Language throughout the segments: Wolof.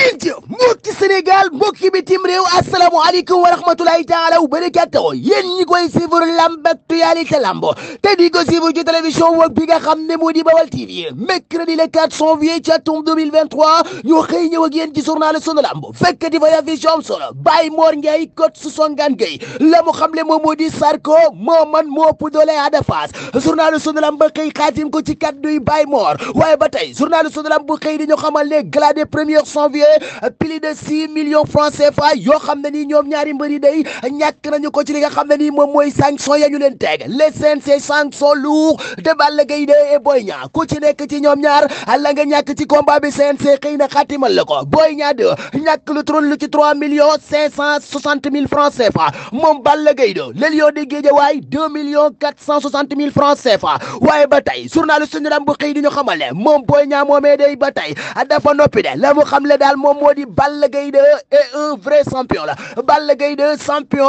ngeen jëf mbokki Sénégal mbokki bitim réew asalaamaaleykum wa rahmatulahi taala wa barakaatu yéen ñi koy suivre lamb actualité lamb te di ko suivre ci télévision wog bi nga xam ne moo di Bawal TV mercredi le 4 janvier ci atum 2023 ñu xëy ñëw ak yéen ci journal sunu lamb fekk di fay affiche am solo Baye Mor Ndiaye coach su Songane Gueye la mu xamle moom moo di Sarko moo man moo ëpp doole Ada Fass journal sunu ko ci kaddu yi Baye Mor waaye plus de six millions francs CFA yoo xam ne nii ñoom ñaari mbër day ñàkk nañu ko ci mooy sanction ya ci nekk ci ñoom ñaar la nga ñàkk ci combat bi xëy na xaatimal la ko Boy Niang de ñàkk lu tron lu ci trois millions cinq cent soixante mille francs CFA de le lion de Guédiawaye deux millions quatre cent waaye ba tey journaliste bu xëy di ñu xamal ne moom Boy Niang moomee day ba tey dafa noppi de la mu xam le daal moom moo di Balla Gaye 2 est eh, un vrai champion la Balla Gaye 2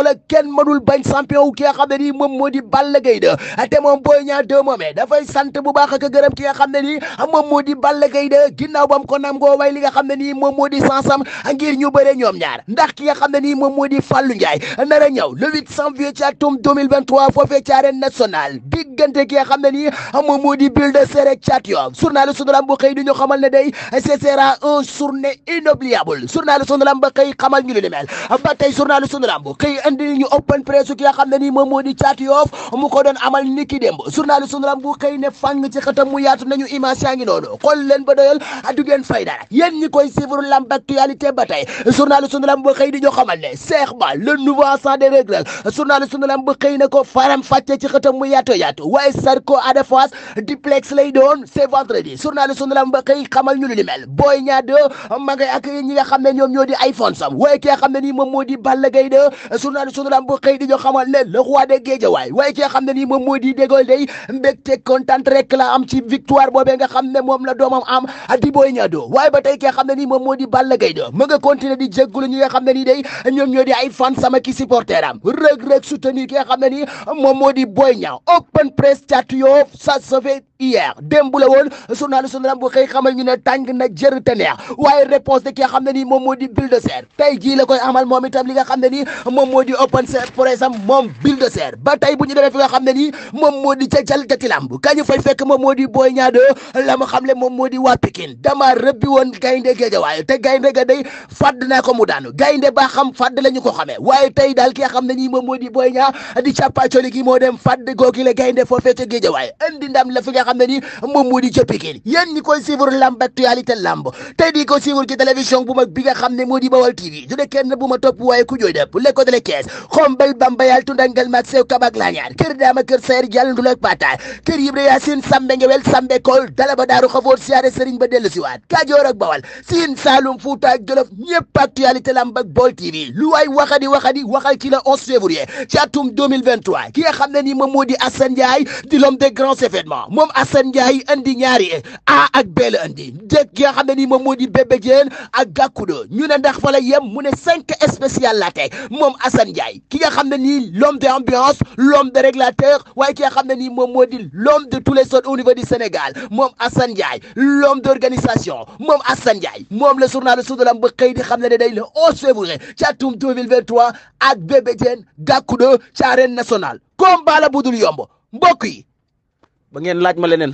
la kenn mënul bañ champion wu ki nga xam ne nii moom moo di Balla Gaye 2 te moom Boy Niang 2 moomee dafay sant bu baax ak gërëm ki nga xam ne nii moom moo di Balla Gaye 2 ginnaaw bam ko nam goo way li nga xam ne nii moom moo di sansam ngir ñu ñoom ñaar ndax ki nga xam ne nii moom moo di Fallou Ndiaye nar a ñëw le 8 janvier ci atum 2023 foofee ci arène nationale diggante ki nga xam ne nii moom moo di Bulldozer ak Thiat Yoff journal Sunu Lamb bu xëy di ñu xamal ne day e sera un journée inoubliable journal sunu lamb ba xëy xamal ñu li mel ba tey journal sunu lamb xëy andi ñu open press ne nii mu ko doon amal ni ki démb journal sunu lamb ci xëtam mu yaatu nañu image ngi noonu xool ba doyal du ngeen fay dara yéen koy suivre lamb actualité ba tey journal sunu ba xëy ne na ko faram fàcce ci xëtam mu yaatu yaatu waaye Sarko Ada Fass duplex lay doon c'est vendredi journal ba xëy xamal ñu li mel Boy ak ñi nga xam ne ñoom ñoo di ay fonsam waaye ki nga xam ne nii moom moo di Balla Gaye de surnaal surnaal bu xëy di ñu xamal ne le roi de Guédiawaye waaye ki xam ne nii moom moo di dégool day mbégte kontaan rek la am ci victoire boobee nga xam ne moom la doomam am di Boy Niang do waaye ba tey ki xam ne nii moom moo di Balla Gaye de ga nga continuer di jéggulu ñi nga xam ne nii day ñoom ñoo di ay xam ne moom moo di Boy Niang open press chat yoo ça se fait hier démb la woon journal journal bu xëy xamal ñu ne tàng na jër te neex waaye réponse ki xam ne nii moom moo di Bulldozer tey jii la koy amal moom itam li nga xam ne nii moom moo di open presse am lamb ka ñu fay fekk moom moo di Boy Niang 2 la ma xam ne moom moo di waa dama rëbbi woon gaynde géejawaay te gaynde ga day fàdd naa ko mu daanu gaynde ba xam fàdd la ko xamee waaye tey daal ki nga xam ne nii moom moo di Boy Niang di càppaacoli gi moo dem xam ne ni moom moo di ca Pikine yéen ñi koy suivre lamb actualité lamb tey di ko suivre ci télévision bu mag bi xam ne moo Bawal TV du de kenn bu ma topp waaye ku jooy dëpp le ko de la kees xombal bambayal tundangal mak sew kabak laañaar kër daama kër sayer jàll ndulak pataar kër yibra yaa sin sambe ngewel sambe kool dala ba daaru xafoor siyaare sëriñ ba dellu siwaat Kajoor ak Bawal Siin Saalum Fuuta Jolof ñëpp ak Baol TV lu waay waxadi waxadi Assane Ndiaye andi ñaari A ak B andi dëkk ki nga xam ne nii moom moo di Bébé Diène ak Gàkkudo ñu ne ndax fa la yem mu ne cinq spécial la teg moom Assane ki nga xam ne nii l'homme de ambiance l'homme de régulateur waaye ki nga xam ne nii moom moo di l'homme de tous les sortes au niveau Sénégal moom Assane Ndiaye l'homme d'organisation moom Assane Ndiaye moom le journal Sud Lamb ba xëy di xam ne ne day le 11 février ci atum 2023 ak Bébé Diène Gàkkudo ci arène nationale combat la budul yomb mbokk yi ba ngeen laaj ma leneen.